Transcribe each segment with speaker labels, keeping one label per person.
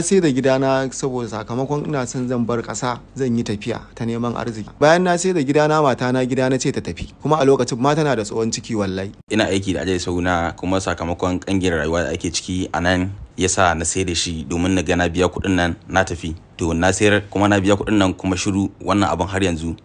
Speaker 1: sai da gidana saboda sakamakon ina son zan bar ƙasa zan yi tafiya ta neman arziki bayan na sai da gidana matana gidana ce ta tafi kuma a lokacin ma tana da tsohon ciki wallahi
Speaker 2: ina aiki da ajiyar sauna kuma sakamakon kangiyar rayuwa da ake ciki a nan ya sa na sai da shi domin na ga na biya kuɗin nan na tafi to na sayar kuma na biya kuɗin nan kuma shiru wannan abin har yanzu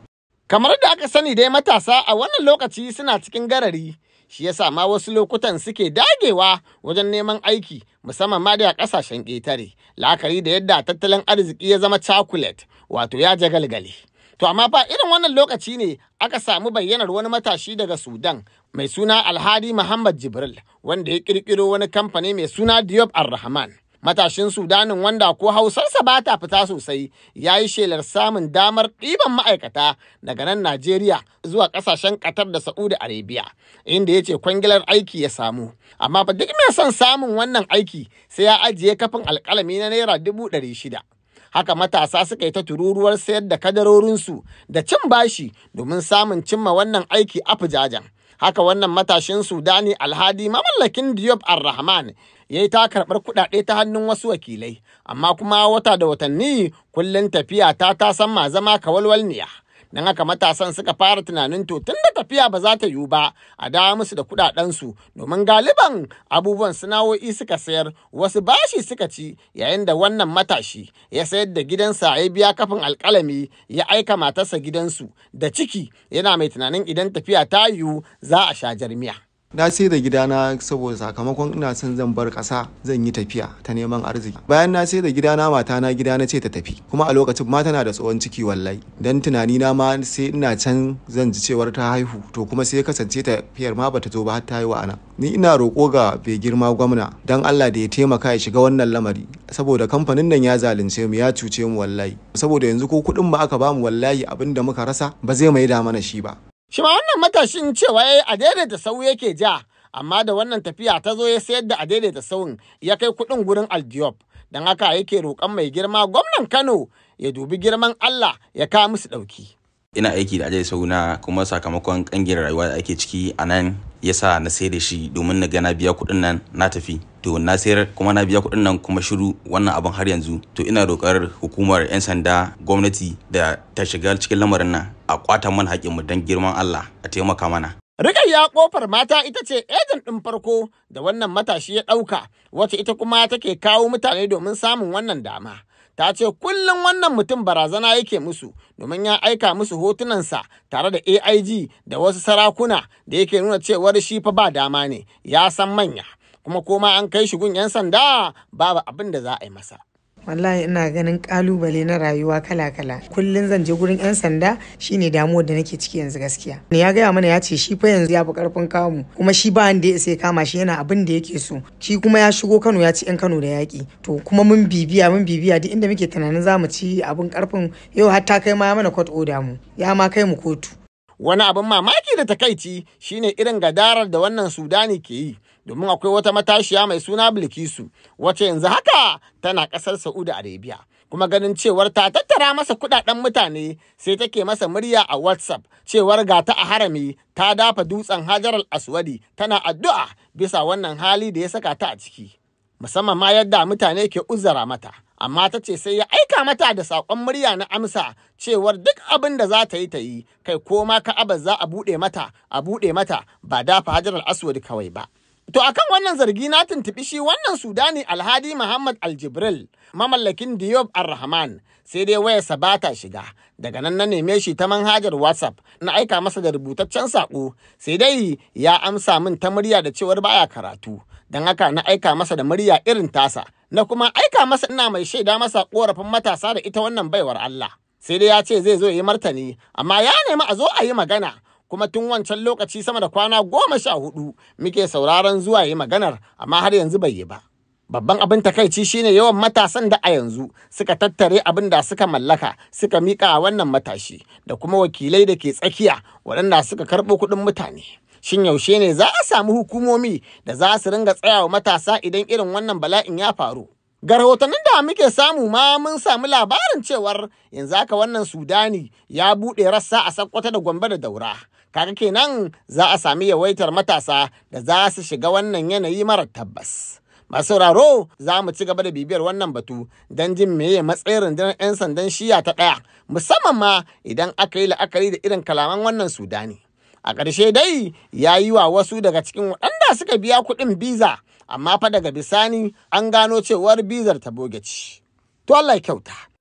Speaker 3: kamar da aka sani dai matasa a wannan lokaci suna cikin garari shi yasa ma wasu lokutan suke dagewa wajen neman aiki musamman ma da kasashen ƙetare la'akari da yadda tattalin arziki ya zama chocolate wato ya jagalgale to amma fa irin wannan lokaci ne aka samu bayyanar wani matashi daga sudan mai suna alhadi muhammad jibril wanda ya kirkiro wani kamfani mai suna diop ar-rahman Matashin Sudanin wanda ko hausarsa ba ta fita sosai ya yi shelar samun damar ɗiban ma'aikata daga nan Najeriya zuwa ƙasashen Qatar da Saudi Arabia inda ya ce kwangilar aiki ya samu. Amma ba duk mai son samun wannan aiki sai ya ajiye kafin alƙalami na Naira dubu ɗari shida. haka matasa suka yi ta tururuwar sayar da kadarorinsu da cin bashi domin samun cimma wannan aiki a fujajen. Haka wannan matashin Sudani Alhadi mamallakin Diop Ar-Rahman ya yi ta karɓar kuɗaɗe ta hannun wasu wakilai amma kuma wata da watanni kullum tafiya ta ta san ma zama kawalwalniya don haka matasan suka fara tunanin to tun da tafiya ba za ta yiwu ba a dawo musu da kuɗaɗensu domin galiban abubuwan sana'o'i suka sayar wasu bashi suka ci yayin da wannan matashi ya sayar da gidansa ya biya kafin alƙalami ya aika matarsa gidansu da ciki yana mai tunanin idan tafiya ta yiwu za a sha jarmiya.
Speaker 1: na sai da gidana saboda sakamakon ina son zan bar ƙasa zan yi tafiya ta neman arziki bayan na sai da gidana mata na gida na ce ta tafi kuma a lokacin ma tana da tsohon ciki wallahi dan tunani na ma sai ina can zan ji cewar ta haihu to kuma sai kasance tafiyar ma bata zo ba har ta haihu ana ni ina roƙo ga bai girma gwamna don Allah da ya taimaka ya shiga wannan lamari saboda kamfanin nan ya zalunce mu ya cuce mu wallahi saboda yanzu ko kuɗin ba aka bamu wallahi abin da muka rasa ba zai mai da mana shi ba
Speaker 3: Shi ma wannan matashin cewa ya yi a daidaita sau yake ja, amma da wannan tafiya ta zo ya sayar da a daidaita sauyin ya kai kuɗin gurin Aldiop. Don haka yake roƙon mai girma gwamnan Kano ya dubi girman Allah ya kawo musu ɗauki.
Speaker 2: Ina aiki da sau na kuma sakamakon ƙangiyar rayuwa da ake ciki a nan ya sa na sai da shi domin na ga na biya kuɗin nan na tafi to na sayar kuma na biya kuɗin nan kuma shiru wannan abin har yanzu to ina roƙar hukumar 'yan sanda gwamnati da ta shiga cikin lamarin nan a kwata mana haƙƙinmu don girman Allah a taimaka mana.
Speaker 3: Rikayya kofar mata ita ce ejin ɗin farko da wannan matashi ya ɗauka wacce ita kuma take kawo mutane domin samun wannan dama. ta ce kullum wannan mutum barazana yake musu domin ya aika musu hotunansa tare da AIG da wasu sarakuna da yake nuna cewar shi fa ba dama ne ya san manya kuma koma an kai shi gun 'yan sanda babu abin da za a yi masa
Speaker 2: wallahi ina ganin kalubale na rayuwa kala-kala kullum zan je gurin 'yan sanda shine damuwar da nake ciki yanzu gaskiya ne ya gaya mana ya ce shi fa yanzu ya fi karfin kamu kuma shi ba da ya sai kama shi yana abin da yake so shi kuma ya shigo kano ya ci 'yan kano da yaƙi to kuma mun bibiya mun bibiya duk inda muke tunanin za mu ci abin karfin yau har ta kai ma mana court order mu ya ma kai mu kotu
Speaker 3: Wani abin mamaki da takaici shine irin gadarar da wannan Sudani ke yi, domin akwai wata matashiya mai suna Bilkisu, wacce yanzu haka tana ƙasar Saudi Arabia. Kuma ganin cewar ta tattara masa kuɗaɗen mutane sai take masa murya a WhatsApp cewar ga ta a harami ta dafa dutsen Hajar al-Aswadi tana addu'a bisa wannan hali da ya saka ta a ciki. Musamman ma yadda mutane ke uzara mata. amma ta ce sai ya aika mata da saƙon murya na amsa cewar duk abin da za ta yi ta yi kai ko ma ka'abar za a buɗe mata a buɗe mata ba dafa hajarar aswad kawai ba To akan wannan zargi na tuntuɓi shi wannan Sudani Alhadi Muhammad Aljibril mamallakin Diyob rahman sai dai wayarsa ba ta shiga daga nan na neme shi ta manhajar WhatsApp na aika masa da rubutaccen saƙo sai dai ya amsa min ta murya da cewar baya karatu don haka na aika masa da murya irin tasa na kuma aika masa ina mai shaida masa korafin matasa da ita wannan baiwar Allah sai dai ya ce zai zo ya yi martani amma ya nemi a zo a yi magana kuma tun wancan lokaci sama da kwana goma sha hudu muke sauraron zuwa yi maganar amma har yanzu bai yi ba. Babban abin takaici shine yawan matasan da a yanzu suka tattare abin da suka mallaka suka mika a wannan matashi da kuma wakilai da ke tsakiya waɗanda suka karɓo kuɗin mutane. Shin yaushe ne za a samu hukumomi da za su ringa tsayawa matasa idan irin wannan bala'in ya faru? Ga rahotannin da muke samu ma mun samu labarin cewar yanzu haka wannan Sudani ya buɗe rassa a Sakkwata da Gombe da Daura kaga kenan za a sami yawaitar matasa da za su shiga wannan yanayi mara tabbas masu sauraro za mu ci gaba da bibiyar wannan batu don jin meye matsayin rundunar 'yan sandan shiya ta ɗaya musamman ma idan aka yi la'akari da irin kalaman wannan sudani a ƙarshe dai ya yi wa wasu daga cikin waɗanda suka biya kuɗin biza amma fa daga bisani an gano cewar bizar ta boge ci to kyauta